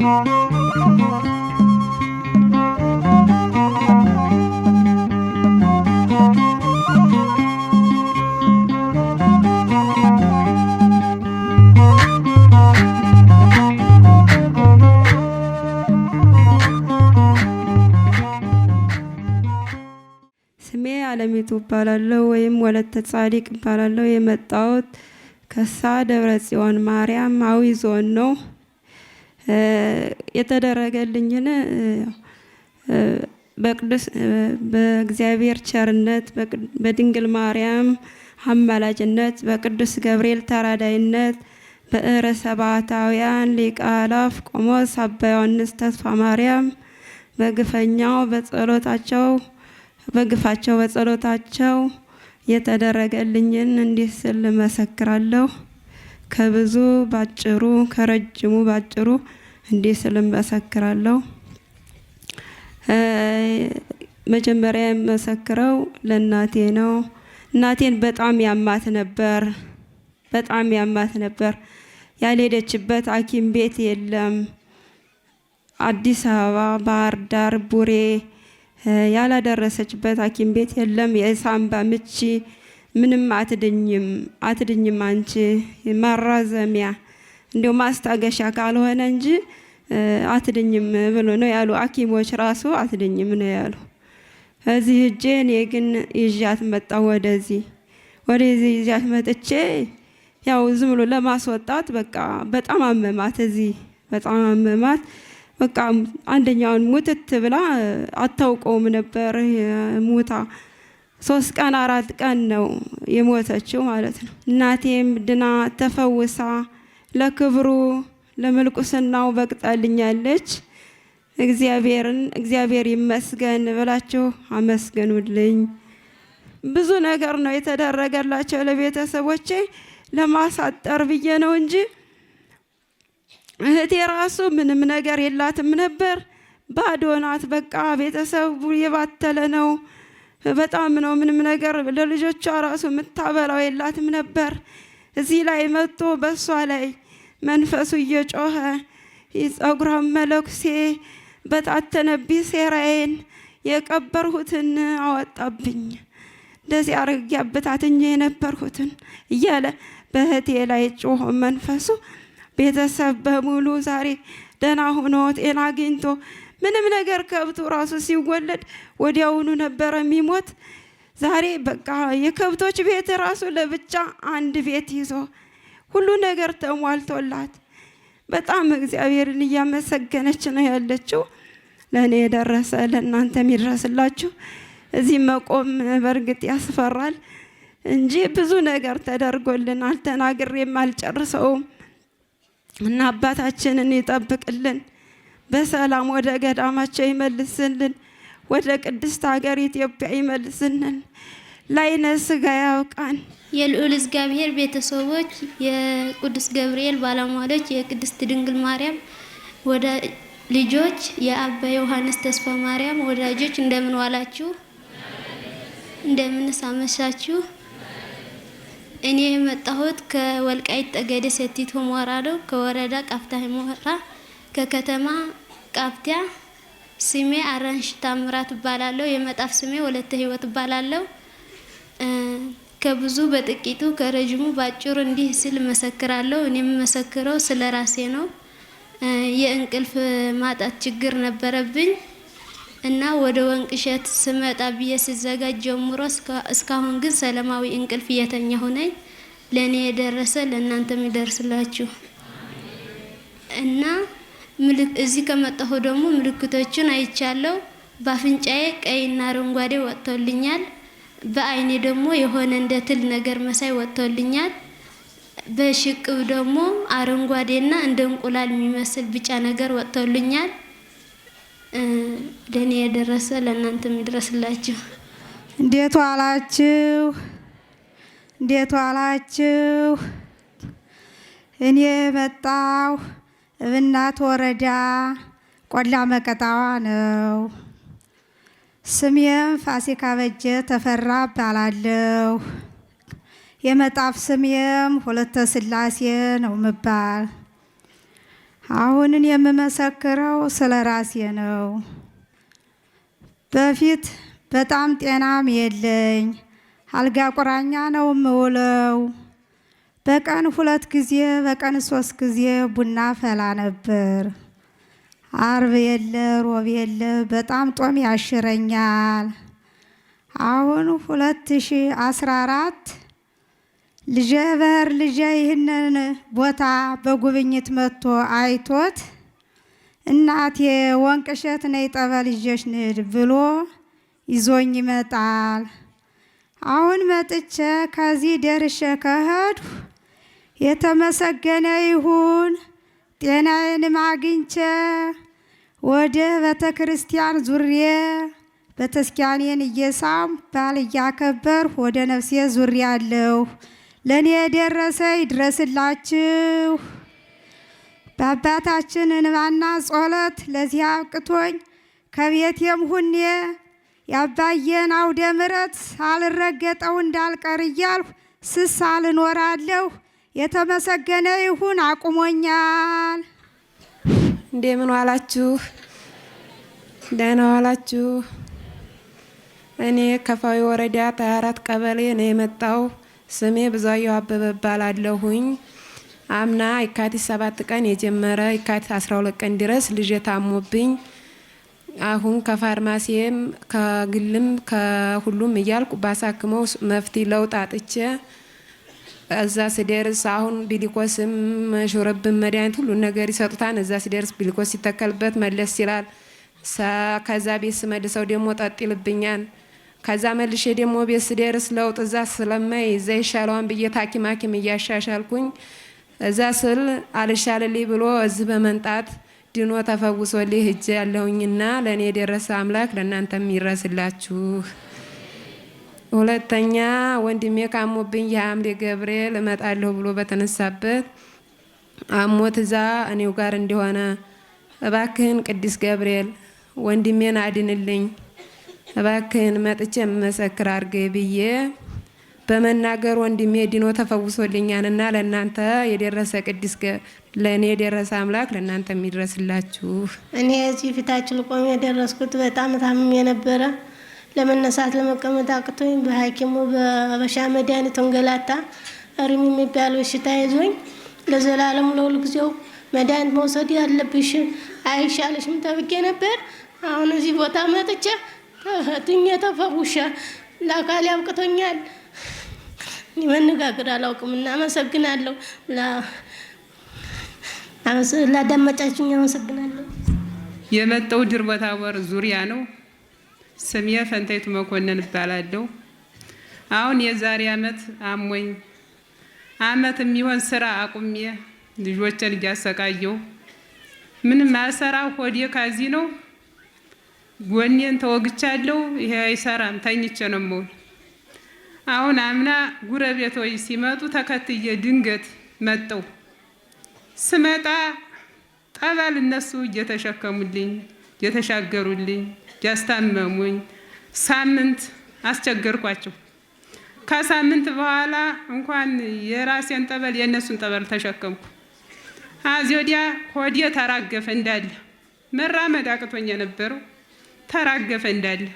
ስሜ አለሚቱ እባላለሁ ወይም ወለተ ጻዲቅ እባላለሁ። የመጣሁት ከሳ ደብረ ጽዮን ማርያም አዊ ዞን ነው። የተደረገልኝን በቅዱስ በእግዚአብሔር ቸርነት በድንግል ማርያም አማላጅነት በቅዱስ ገብርኤል ተራዳይነት በእረ ሰባታውያን ሊቀ አእላፍ ቆሞስ አባ ዮሐንስ ተስፋ ማርያም በግፈኛው በጸሎታቸው በግፋቸው በጸሎታቸው የተደረገልኝን እንዲህ ስል መሰክራለሁ። ከብዙ ባጭሩ ከረጅሙ ባጭሩ እንዲህ ስልም መሰክራለሁ። መጀመሪያ የመሰክረው ለእናቴ ነው። እናቴን በጣም ያማት ነበር፣ በጣም ያማት ነበር። ያልሄደችበት ሐኪም ቤት የለም። አዲስ አበባ፣ ባህር ዳር፣ ቡሬ ያላደረሰችበት ሐኪም ቤት የለም። የሳምባ ምች ምንም አትድኝም፣ አትድኝም አንቺ ማራዘሚያ እንዲሁ ማስታገሻ ካልሆነ እንጂ አትድኝም ብሎ ነው ያሉ ሐኪሞች ራሱ አትድኝም ነው ያሉ። እዚህ እጄ እኔ ግን ይዣት መጣሁ ወደዚህ ወደዚህ ይዣት መጥቼ ያው ዝም ብሎ ለማስወጣት በቃ በጣም አመማት። እዚህ በጣም አመማት። በቃ አንደኛውን ሙትት ብላ አታውቀውም ነበር ሙታ ሶስት ቀን አራት ቀን ነው የሞተችው ማለት ነው። እናቴም ድና ተፈውሳ ለክብሩ ለምልቁስናው በቅጣልኛለች። እግዚአብሔርን እግዚአብሔር ይመስገን ብላችሁ አመስግኑልኝ። ብዙ ነገር ነው የተደረገላቸው ለቤተሰቦቼ ለማሳጠር ብዬ ነው እንጂ እህቴ ራሱ ምንም ነገር የላትም ነበር። ባዶ ናት። በቃ ቤተሰቡ የባተለ ነው። በጣም ነው ምንም ነገር ለልጆቿ ራሱ የምታበላው የላትም ነበር። እዚህ ላይ መጥቶ በእሷ ላይ መንፈሱ እየጮኸ የጸጉሯን መለኩሴ በታተነብኝ ሴራዬን የቀበርሁትን አወጣብኝ እንደዚህ አርግ ያበታትኝ የነበርሁትን እያለ በእህቴ ላይ ጮሆ መንፈሱ ቤተሰብ በሙሉ ዛሬ ደህና ሆኖ ጤና አግኝቶ ምንም ነገር ከብቱ ራሱ ሲወለድ ወዲያውኑ ነበረ የሚሞት። ዛሬ በቃ የከብቶች ቤት ራሱ ለብቻ አንድ ቤት ይዞ ሁሉ ነገር ተሟልቶላት በጣም እግዚአብሔርን እያመሰገነች ነው ያለችው። ለእኔ የደረሰ ለእናንተ የሚደረስላችሁ። እዚህ መቆም በእርግጥ ያስፈራል እንጂ ብዙ ነገር ተደርጎልናል። ተናግሬም አልጨርሰውም እና አባታችንን ይጠብቅልን፣ በሰላም ወደ ገዳማቸው ይመልስልን፣ ወደ ቅድስት ሀገር ኢትዮጵያ ይመልስልን። ላይነ ስጋ ያውቃን የልዑል እግዚአብሔር ቤተሰቦች፣ የቅዱስ ገብርኤል ባለሟሎች፣ የቅድስት ድንግል ማርያም ልጆች፣ የአባ ዮሐንስ ተስፋ ማርያም ወዳጆች እንደምን ዋላችሁ? እንደምንስ አመሻችሁ? እኔ የመጣሁት ከወልቃይት ጠገዴ ሰቲት ሁመራ ነው። ከወረዳ ቃፍታ ሁመራ ከከተማ ቃፍቲያ። ስሜ አራንሽ ታምራት እባላለሁ። የመጣፍ ስሜ ወለተ ህይወት እባላለሁ። ከብዙ በጥቂቱ ከረጅሙ በአጭሩ እንዲህ ስል መሰክራለሁ። እኔ የምመሰክረው ስለ ራሴ ነው። የእንቅልፍ ማጣት ችግር ነበረብኝ እና ወደ ወንቅሸት ስመጣ ብዬ ስዘጋጅ ጀምሮ እስካሁን ግን ሰላማዊ እንቅልፍ እየተኛሁ ነኝ። ለእኔ የደረሰ ለእናንተም ይደርስላችሁ እና እዚህ ከመጣሁ ደግሞ ምልክቶችን አይቻለሁ። በአፍንጫዬ ቀይና አረንጓዴ ወጥቶልኛል። በአይኔ ደግሞ የሆነ እንደ ትል ነገር መሳይ ወጥቶልኛል። በሽቅብ ደግሞ አረንጓዴና እንደ እንቁላል የሚመስል ቢጫ ነገር ወጥቶልኛል። ለእኔ የደረሰ ለእናንተም ይድረስላችሁ። እንዴት ዋላችሁ? እንዴት ዋላችሁ? እኔ የመጣው እብናት ወረዳ ቆላ መቀጣዋ ነው። ስሜም ፋሲካ በጀ ተፈራ እባላለሁ። የመጣፍ ስሜም ሁለተ ስላሴ ነው ምባል። አሁንን የምመሰክረው ስለ ራሴ ነው። በፊት በጣም ጤናም የለኝ አልጋ ቁራኛ ነው ምውለው። በቀን ሁለት ጊዜ በቀን ሶስት ጊዜ ቡና ፈላ ነበር። አርብ የለ ሮብ የለ በጣም ጦም ያሽረኛል። አሁን ሁለት ሺ አስራ አራት ልጄ በር ልጄ ይህንን ቦታ በጉብኝት መጥቶ አይቶት እናቴ ወንቅሸት ነይ ጠበል ይዤሽ ንድ ብሎ ይዞኝ ይመጣል። አሁን መጥቼ ከዚህ ደርሼ ከሄድሁ የተመሰገነ ይሁን ጤናዬንም አግኝቼ ወደ ቤተ ክርስቲያን ዙሬ በተስኪያኔን እየሳም ባል እያከበር ወደ ነፍሴ ዙሬ አለሁ። ለእኔ የደረሰ ይድረስላችሁ። በአባታችን እንባና ጸሎት ለዚህ አብቅቶኝ ከቤቴም ሁኔ ያባየን አውደ ምረት አልረገጠው እንዳልቀር እያልሁ ስስ አልኖራለሁ። የተመሰገነ ይሁን። አቁሞኛል። እንደምን ዋላችሁ? ደህና ዋላችሁ? እኔ ከፋዊ ወረዳ ሀያ ቀበሌ ነው የመጣው። ስሜ ብዙአየሁ አበበ እባላለሁኝ። አምና የካቲት ሰባት ቀን የጀመረ የካቲት አስራ ሁለት ቀን ድረስ ልጅ ታሞብኝ አሁን ከፋርማሲም ከግልም ከሁሉም እያልኩ ባሳክመው መፍትሄ ለውጥ አጥቼ እዛ ስደርስ አሁን ቢሊኮስም ሹርብን መድኃኒት ሁሉን ነገር ይሰጡታል እዛ ስደርስ ቢሊኮስ ሲተከልበት መለስ ይላል። ከዛ ቤት ስመልሰው ደግሞ ጠጥ ይልብኛል። ከዛ መልሼ ደግሞ ቤት ስደርስ ለውጥ እዛ ስለማይ እዛ ይሻለዋን ብዬ ታኪም ሐኪም እያሻሻልኩኝ እዛ ስል አልሻልልኝ ብሎ እዚህ በመንጣት ድኖ ተፈውሶልኝ ሂጄ ያለሁኝና ለእኔ የደረሰ አምላክ ለእናንተም ይድረስላችሁ። ሁለተኛ ወንድሜ ካሞብኝ የሐምሌ ገብርኤል እመጣለሁ ብሎ በተነሳበት አሞት እዛ እኔው ጋር እንደሆነ እባክህን ቅዱስ ገብርኤል ወንድሜን አድንልኝ፣ እባክህን መጥቼ መሰክር አርገ ብዬ በመናገር ወንድሜ ድኖ ተፈውሶልኛልና ለእናንተ የደረሰ ቅዱስ ለእኔ የደረሰ አምላክ ለእናንተ የሚድረስላችሁ። እኔ እዚህ ፊታችን ልቆም የደረስኩት በጣም ታምሜ የነበረ ለመነሳት ለመቀመጥ አቅቶኝ በሐኪሙ በበሻ መድኃኒት እንገላታ ሪም የሚባል በሽታ ይዞኝ ለዘላለም ለሁል ጊዜው መድኃኒት መውሰድ ያለብሽ አይሻልሽም ተብዬ ነበር። አሁን እዚህ ቦታ መጥቼ ትኜ ተፈውሻ ለአካል ያብቅቶኛል። መነጋገር አላውቅም። እና አመሰግናለሁ። ላዳመጫችኝ አመሰግናለሁ። የመጣው ድርበታቦር ዙሪያ ነው። ስሜ ፈንታይቱ መኮንን እባላለሁ። አሁን የዛሬ አመት አሞኝ አመት የሚሆን ስራ አቁሜ ልጆችን እያሰቃየው ምንም አሰራ ሆዴ ካዚ ነው። ጎኔን ተወግቻለሁ። ይሄ አይሰራም፣ ተኝቼ ነው የምውል። አሁን አምና ጉረቤቶች ሲመጡ ተከትዬ ድንገት መጠው ስመጣ ጠባል እነሱ እየተሸከሙልኝ የተሻገሩልኝ፣ ያስታመሙኝ ሳምንት አስቸገርኳቸው። ከሳምንት በኋላ እንኳን የራሴን ጠበል የእነሱን ጠበል ተሸከምኩ። ወዲያ ሆዴ ተራገፈ እንዳለ መራመድ አቅቶኝ የነበረው ተራገፈ እንዳለ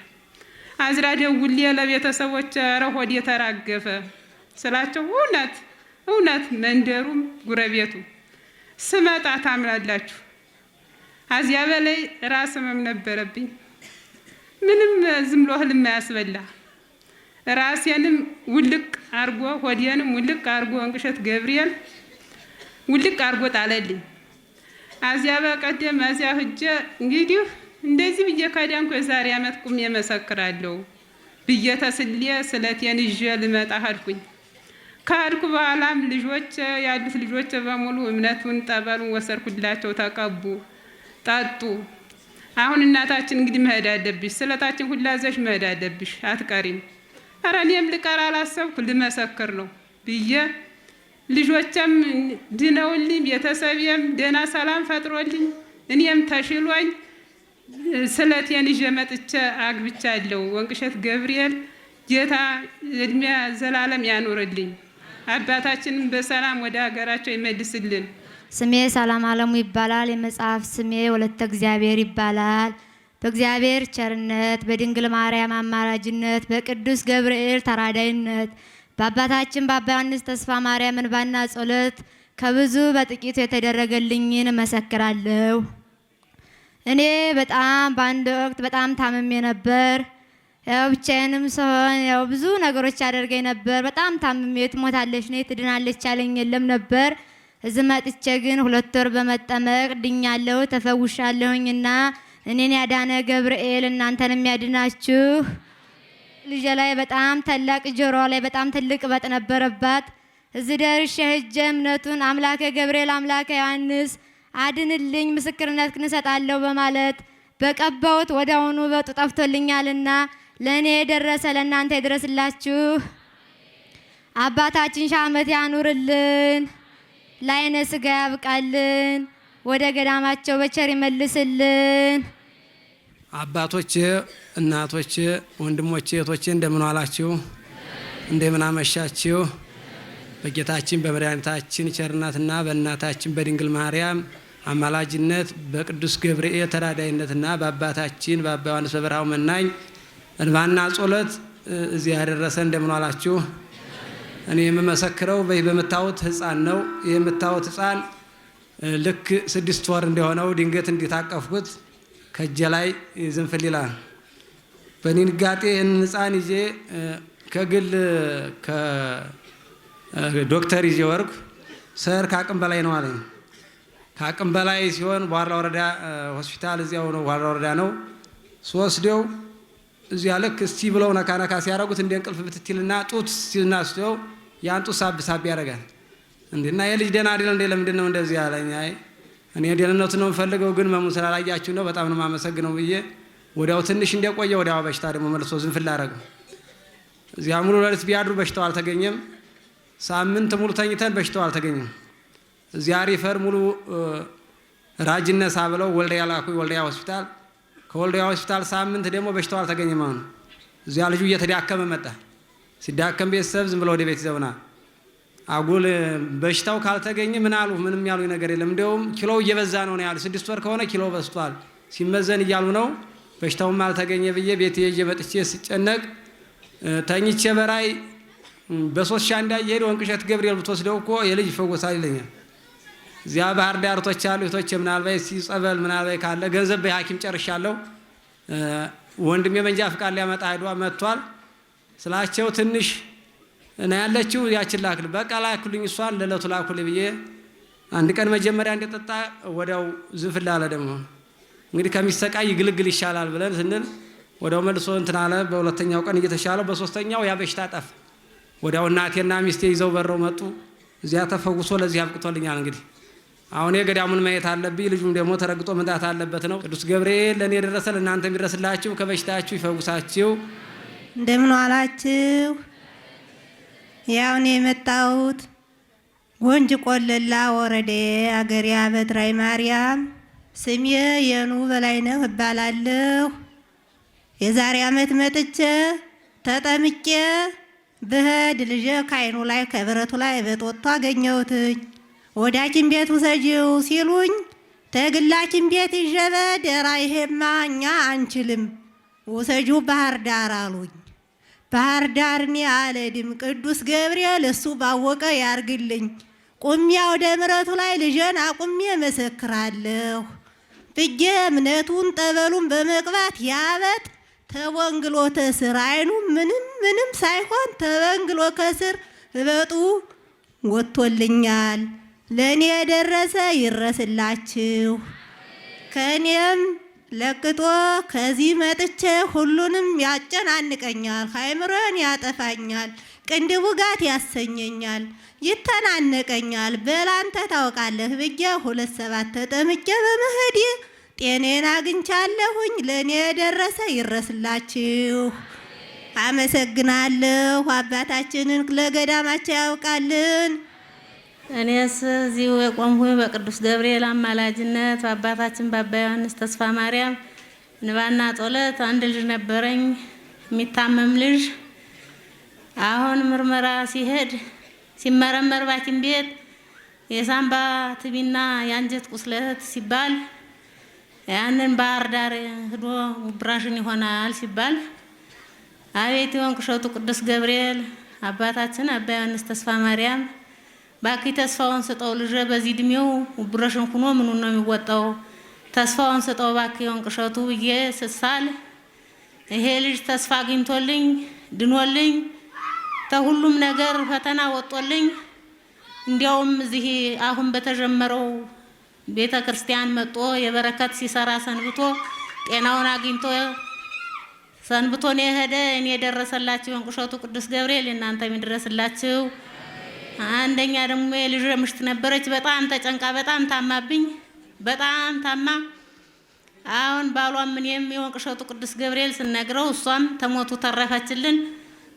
አዝራ ደውሌ ለቤተሰቦች ኧረ ሆዴ ተራገፈ ስላቸው እውነት እውነት መንደሩም ጉረቤቱ ስመጣ ታምላላችሁ አዚያ በላይ ራስ ህመም ነበረብኝ። ምንም ዝም ብሎ ህልም አያስበላ ራሴንም ውልቅ አርጎ ሆዴንም ውልቅ አርጎ እንቅሸት ገብርኤል ውልቅ አርጎ ጣለልኝ። አዚያ በቀደም አዚያ ህጀ እንግዲህ እንደዚህ ብዬ ካዳንኩ የዛሬ ዓመት ቁሜ መሰክራለሁ ብዬ ተስሌ ስለቴን ይዤ ልመጣ ሀድኩኝ። ከሀድኩ በኋላም ልጆች ያሉት ልጆች በሙሉ እምነቱን ጠበሉን ወሰድኩላቸው ተቀቡ። ጠጡ። አሁን እናታችን እንግዲህ መሄድ አለብሽ፣ ስለታችን ሁላዘሽ መሄድ አለብሽ፣ አትቀሪም። ኧረ እኔም ልቀር አላሰብኩ ልመሰክር ነው ብዬ ልጆቼም ድነውልኝ ቤተሰቤም ደህና ሰላም ፈጥሮልኝ እኔም ተሽሎኝ ስለቴን ይዤ መጥቼ አግብቻለሁ። ወንቅሸት ገብርኤል ጌታ እድሜ ዘላለም ያኑርልኝ። አባታችንም በሰላም ወደ ሀገራቸው ይመልስልን። ስሜ ሰላም አለሙ ይባላል። የመጽሐፍ ስሜ ወለተ እግዚአብሔር ይባላል። በእግዚአብሔር ቸርነት በድንግል ማርያም አማላጅነት በቅዱስ ገብርኤል ተራዳይነት በአባታችን በአባ ዮሐንስ ተስፋ ማርያም ባና ጸሎት ከብዙ በጥቂቱ የተደረገልኝን እመሰክራለሁ። እኔ በጣም በአንድ ወቅት በጣም ታምሜ ነበር። ያው ብቻዬንም ስሆን ያው ብዙ ነገሮች አደርገኝ ነበር። በጣም ታምሜ ትሞታለች ነ ትድናለች ያለኝ የለም ነበር እዚህ መጥቼ ግን ሁለት ወር በመጠመቅ ድኛለሁ ተፈውሻለሁኝና እኔን ያዳነ ገብርኤል እናንተን ያድናችሁ። ልጄ ላይ በጣም ታላቅ ጆሮ ላይ በጣም ትልቅ በጥ ነበረባት። እዚህ ደርሼ ሂጄ እምነቱን አምላከ ገብርኤል አምላከ ዮሐንስ አድንልኝ ምስክርነት እንሰጣለሁ እሰጣለሁ በማለት በቀባሁት ወዲያውኑ እበጡ ጠፍቶልኛልና ለእኔ የደረሰ ለእናንተ ይድረስላችሁ። አባታችን ሺህ ዓመት ያኑርልን። ለአይነ ስጋ ያብቃልን። ወደ ገዳማቸው በቸር ይመልስልን። አባቶች እናቶች ወንድሞች እህቶቼ እንደምን ዋላችሁ? እንደምን አመሻችሁ? በጌታችን በመድኃኒታችን ቸርነትና በእናታችን በድንግል ማርያም አማላጅነት በቅዱስ ገብርኤል ተራዳይነትና በአባታችን በአባ ዮሐንስ በበረሃው መናኝ እንባና ጸሎት እዚህ ያደረሰ እንደምን ዋላችሁ? እኔ የምመሰክረው በይ በምታዩት ህፃን ነው። ይህ የምታዩት ህፃን ልክ ስድስት ወር እንደሆነው ድንገት እንዲታቀፍኩት ከእጄ ላይ ዝንፍሊላ በድንጋጤ ይህን ህፃን ይዤ ከግል ዶክተር ይዤ ወርኩ። ሰር ከአቅም በላይ ነው አለኝ። ከአቅም በላይ ሲሆን በኋላ ወረዳ ሆስፒታል እዚያው ነው፣ በኋላ ወረዳ ነው ሶስት እዚያ ልክ እስቲ ብለው ነካ ነካ ሲያደርጉት እንደ እንቅልፍ ብትትልና ጡት ሲናስተው ያን ጡት ሳብ ሳብ ያደርጋል። እንዴና የልጅ ደህና አይደል እንዴ? ለምንድን ነው እንደዚህ ያለኝ? አይ እኔ ደህንነቱ ነው የምፈልገው፣ ግን መሙን ስላላያችሁ ነው በጣም ነው የማመሰግነው ብዬ ወዲያው ትንሽ እንደቆየ ወዲያው በሽታ ደግሞ መልሶ ዝንፍል አደረገ። እዚያ ሙሉ ሌሊት ቢያድሩ በሽታው አልተገኘም። ሳምንት ሙሉ ተኝተን በሽታው አልተገኘም። እዚያ ሪፈር ሙሉ ራጅነሳ ብለው ወልዲያ ወልዲያ ሆስፒታል ከወልዲያ ሆስፒታል ሳምንት ደግሞ በሽታው አልተገኘም። አሁን እዚያ ልጁ እየተዳከመ መጣ። ሲዳከም ቤተሰብ ዝም ብሎ ወደ ቤት ይዘውና አጉል በሽታው ካልተገኘ ምን አሉ? ምንም ያሉ ነገር የለም። እንዲያውም ኪሎው እየበዛ ነው ያሉ። ስድስት ወር ከሆነ ኪሎ በዝቷል ሲመዘን እያሉ ነው። በሽታውም አልተገኘ ብዬ ቤት ይዤ መጥቼ ስጨነቅ ተኝቼ በራይ በሶስት ሺህ አንድ ወንቅ እሸት ገብርኤል ብትወስደው እኮ የልጅ ይፈወሳል ይለኛል። እዚያ ባህር ዳርቶች አሉ። እህቶች ምናልባት ሲጸበል ምናልባት ካለ ገንዘብ በሐኪም ጨርሻለሁ ወንድም የመንጃ ፍቃድ ሊያመጣ ሄዷ መጥቷል ስላቸው ትንሽ እና ያለችው ያችን ላክል በቃ ላክሉኝ፣ እሷን ለዕለቱ ላኩል ብዬ አንድ ቀን መጀመሪያ እንደጠጣ ወዲያው ዝፍል ደግሞ እንግዲህ ከሚሰቃይ ግልግል ይሻላል ብለን ስንል ወዲያው መልሶ እንትን አለ። በሁለተኛው ቀን እየተሻለው በሶስተኛው ያ በሽታ ጠፍ ወዲያው እናቴና ሚስቴ ይዘው በረው መጡ። እዚያ ተፈውሶ ለዚህ አብቅቶልኛል እንግዲህ አሁን የገዳሙን ማየት አለብኝ፣ ልጁም ደግሞ ተረግጦ መምጣት አለበት ነው። ቅዱስ ገብርኤል ለእኔ የደረሰ ለእናንተ የሚደረስላችሁ ከበሽታችሁ ይፈውሳችሁ። እንደምን ዋላችሁ? ያው እኔ የመጣሁት ጎንጅ ቆለላ ወረዴ አገሬ በትራይ ማርያም ስሜ የኑ በላይ ነው እባላለሁ። የዛሬ ዓመት መጥቼ ተጠምቄ ብሄድ ልጄ ከአይኑ ላይ ከብረቱ ላይ እበጥ ወጥቶ አገኘሁትኝ። ወዳችን ቤት ውሰጂው ሲሉኝ ተግላ ቤት ይዤ ደራ ይሄማ እኛ አንችልም ውሰጂው ባህር ዳር አሉኝ። ባህር ዳር እኔ አልሄድም፣ ቅዱስ ገብርኤል እሱ ባወቀ ያርግልኝ። ቁሜ አውደ ምረቱ ላይ ልጄን አቁሜ መሰክራለሁ ብዬ እምነቱን ጠበሉን በመቅባት ያበጥ ተወንግሎ ተስር አይኑ ምንም ምንም ሳይሆን ተወንግሎ ከስር እበጡ ወጥቶልኛል። ለእኔ የደረሰ ይረስላችሁ ከእኔም ለቅጦ ከዚህ መጥቼ ሁሉንም ያጨናንቀኛል፣ ሀይምሮን ያጠፋኛል፣ ቅንድቡ ጋት ያሰኘኛል፣ ይተናነቀኛል፣ በላንተ ታውቃለህ ብዬ ሁለት ሰባት ተጠምቄ በመሄድ ጤኔን አግኝቻለሁኝ። ለእኔ የደረሰ ይረስላችሁ። አመሰግናለሁ። አባታችንን ለገዳማቸው ያውቃልን እኔስ እዚሁ የቆምሁ በቅዱስ ገብርኤል አማላጅነት በአባታችን በአባ ዮሐንስ ተስፋ ማርያም ንባና ጦለት አንድ ልጅ ነበረኝ፣ የሚታመም ልጅ። አሁን ምርመራ ሲሄድ ሲመረመር ባኪም ቤት የሳምባ ትቢና የአንጀት ቁስለት ሲባል ያንን ባህር ዳር ህዶ ጉብራሽን ይሆናል ሲባል አቤት የወንቅ እሸቱ ቅዱስ ገብርኤል አባታችን አባ ዮሐንስ ተስፋ ማርያም ባኪ ተስፋውን ስጠው ልጅ በዚህ እድሜው ብረሽን ሁኖ ምኑን ነው የሚወጣው? ተስፋውን ስጠው ባኪ ወንቅ ብዬ ስሳል ይሄ ልጅ ተስፋ አግኝቶልኝ ድኖልኝ ተሁሉም ነገር ፈተና ወጦልኝ እንዲያውም እዚህ አሁን በተጀመረው ቤተ ክርስቲያን መጦ የበረከት ሲሰራ ሰንብቶ ጤናውን አግኝቶ ሰንብቶ ነው የሄደ። እኔ የደረሰላችሁ ወንቅ ቅዱስ ገብርኤል እናንተም ይድረስላችሁ። አንደኛ ደግሞ የልጅ ምሽት ነበረች። በጣም ተጨንቃ በጣም ታማብኝ፣ በጣም ታማ አሁን ባሏም ምን የወንቅ ቅዱስ ገብርኤል ስነግረው እሷም ተሞቱ ተረፈችልን።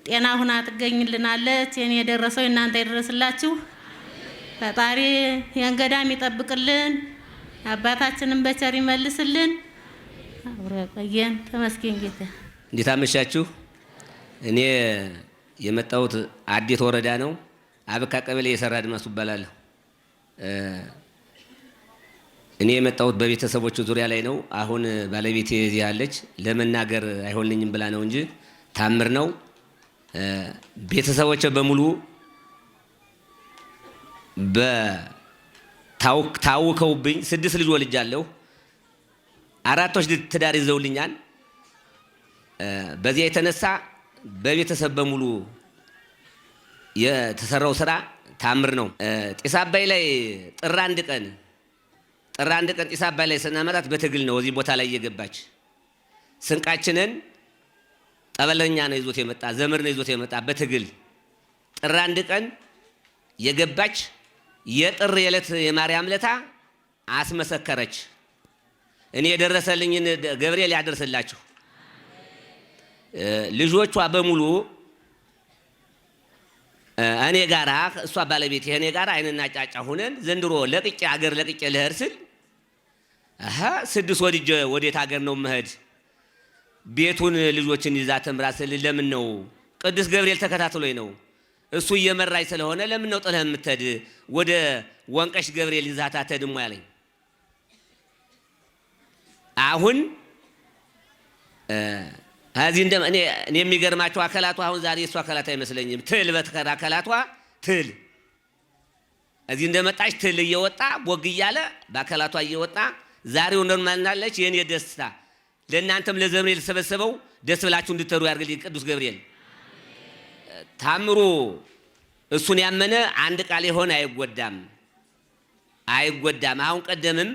ጤና ሁና ትገኝልናለች። የኔ የደረሰው እናንተ ይደረስላችሁ። ፈጣሪ የንገዳም ይጠብቅልን። አባታችንም በቸር ይመልስልን። አብረቀየን ተመስገን ጌታ። እንዴት አመሻችሁ? እኔ የመጣሁት አዴት ወረዳ ነው። አብካ ቀበሌ የሰራ አድማሱ እባላለሁ። እኔ የመጣሁት በቤተሰቦቹ ዙሪያ ላይ ነው። አሁን ባለቤቴ እዚህ ያለች ለመናገር አይሆንልኝም ብላ ነው እንጂ ታምር ነው። ቤተሰቦች በሙሉ ታውከውብኝ ስድስት ልጅ ወልጃለሁ። አራቶች ትዳር ይዘውልኛል። በዚያ የተነሳ በቤተሰብ በሙሉ የተሰራው ስራ ታምር ነው። ጢስ አባይ ላይ ጥር አንድ ቀን ጥር አንድ ቀን ጢስ አባይ ላይ ስናመጣት በትግል ነው እዚህ ቦታ ላይ እየገባች ስንቃችንን ጠበለኛ ነው ይዞት የመጣ ዘመድ ነው ይዞት የመጣ በትግል ጥር አንድ ቀን የገባች የጥር የዕለት የማርያም ለታ አስመሰከረች። እኔ የደረሰልኝን ገብርኤል ያደርስላችሁ ልጆቿ በሙሉ እኔ ጋር እሷ ባለቤት እኔ ጋር አይንና ጫጫ ሁነን ዘንድሮ ለቅቄ አገር ለቅቄ ልሄድ ስል ስድስት ወድጄ ወዴት አገር ነው መሄድ? ቤቱን ልጆችን ይዛ ተምራ ስል ለምን ነው ቅዱስ ገብርኤል ተከታትሎኝ ነው እሱ እየመራኝ ስለሆነ ለምን ነው ጥለህ የምትሄድ? ወደ ወንቀሽ ገብርኤል ይዛታ ተድሞ ያለኝ አሁን ከዚህ እንደ እኔ እኔ የሚገርማቸው አካላቷ አሁን ዛሬ እሷ አካላት አይመስለኝም። ትል በትከራ አካላቷ ትል እዚህ እንደመጣች ትል እየወጣ ቦግ እያለ በአካላቷ እየወጣ ዛሬው ኖርማልናለች። ናለች። የእኔ ደስታ ለእናንተም ለዘመኔ የተሰበሰበው ደስ ብላችሁ እንድትሩ ያድርግልኝ ቅዱስ ገብርኤል። ታምሩ እሱን ያመነ አንድ ቃል የሆነ አይጎዳም አይጎዳም። አሁን ቀደምም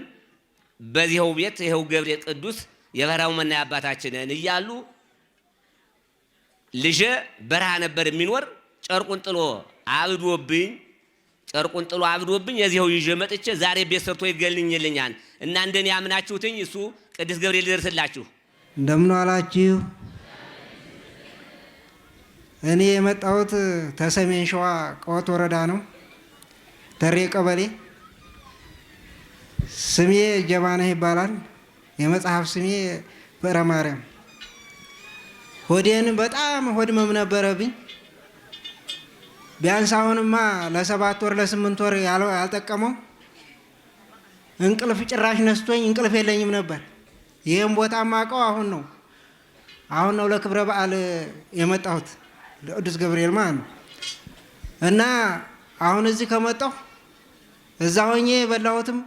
በዚህው ቤት ይኸው ገብርኤል ቅዱስ የበራው መና አባታችንን እያሉ ልጀ በረሃ ነበር የሚኖር ጨርቁን ጥሎ አብዶብኝ ጨርቁን ጥሎ አብዶብኝ የዚያው ይዤ መጥቼ ዛሬ ቤት ሰርቶ ይገልኝልኛል እና እንደኔ ያምናችሁትኝ እሱ ቅዱስ ገብርኤል ይደርስላችሁ። እንደምን አላችሁ? እኔ የመጣሁት ተሰሜን ሸዋ ቀወት ወረዳ ነው፣ ተሬ ቀበሌ። ስሜ ጀባነህ ይባላል። የመጽሐፍ ስሜ ፍቅረ ማርያም ሆዴን በጣም መም ነበረብኝ። ቢያንስ አሁንማ ለሰባት ወር ለስምንት ወር ያልጠቀመው እንቅልፍ ጭራሽ ነስቶኝ እንቅልፍ የለኝም ነበር። ይህም ቦታ ማቀው አሁን ነው አሁን ነው ለክብረ በዓል የመጣሁት ለቅዱስ ገብርኤል ማለት ነው። እና አሁን እዚህ ከመጣሁ እዛ ሆኜ የበላሁትም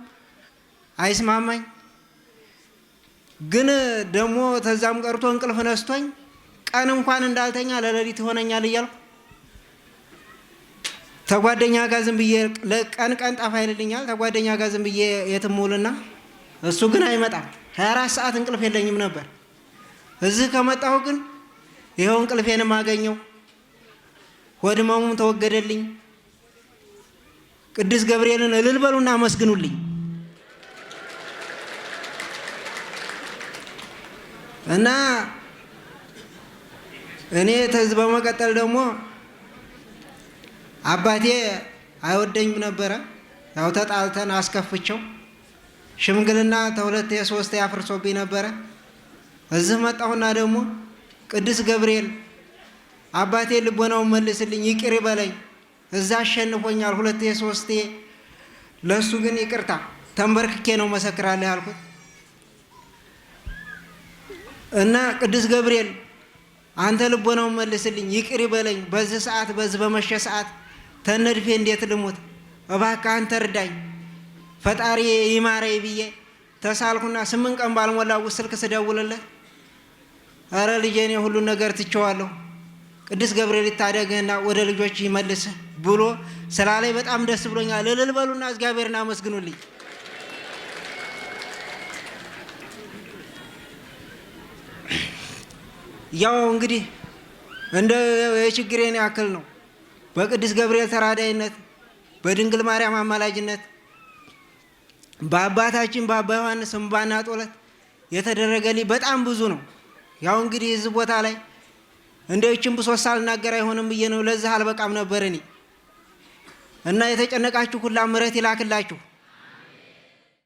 አይስማማኝ፣ ግን ደግሞ ተዛም ቀርቶ እንቅልፍ ነስቶኝ ቀን እንኳን እንዳልተኛ ለሌሊት ይሆነኛል እያልኩ ተጓደኛ ጋር ዝም ብዬ ቀን ቀን ጠፋ ይልልኛል። ተጓደኛ ጋር ዝም ብዬ የትምውልና እሱ ግን አይመጣም። 24 ሰዓት እንቅልፍ የለኝም ነበር። እዚህ ከመጣሁ ግን ይኸው እንቅልፌንም አገኘው፣ ሆድመሙም ተወገደልኝ። ቅዱስ ገብርኤልን እልል በሉና አመስግኑልኝ። እና እኔ ተዚህ በመቀጠል ደግሞ አባቴ አይወደኝም ነበረ። ያው ተጣልተን አስከፍቸው ሽምግልና ተሁለት የሶስት ያፍርሶብኝ ነበረ። እዚህ መጣሁና ደግሞ ቅዱስ ገብርኤል አባቴ ልቦናውን መልስልኝ፣ ይቅር በለኝ። እዛ አሸንፎኛል ሁለት የሶስቴ። ለእሱ ግን ይቅርታ ተንበርክኬ ነው መሰክራለህ ያልኩት እና ቅዱስ ገብርኤል አንተ ልቦናውን መልስልኝ፣ ይቅር ይበለኝ። በዚህ ሰዓት በዚህ በመሸ ሰዓት ተነድፌ እንዴት ልሙት? እባክህ አንተ እርዳኝ፣ ፈጣሪ ይማረኝ ብዬ ተሳልኩና ስምንት ቀን ባልሞላ ውስጥ ስልክ ስደውልለት እረ ልጄ እኔ ሁሉን ነገር ትቸዋለሁ፣ ቅዱስ ገብርኤል ይታደግህና ወደ ልጆች ይመልስህ ብሎ ስላላይ በጣም ደስ ብሎኛል። እልል በሉና እግዚአብሔርን አመስግኑልኝ። ያው እንግዲህ እንደ የችግሬን ያክል ነው። በቅዱስ ገብርኤል ተራዳይነት፣ በድንግል ማርያም አማላጅነት፣ በአባታችን በአባ ዮሐንስ እንባና ጦለት የተደረገልኝ በጣም ብዙ ነው። ያው እንግዲህ እዚህ ቦታ ላይ እንደ ይችን ብሶት ሳልናገር አይሆንም ብዬ ነው። ለዚህ አልበቃም ነበር እኔ እና የተጨነቃችሁ ሁላ ምረት ይላክላችሁ።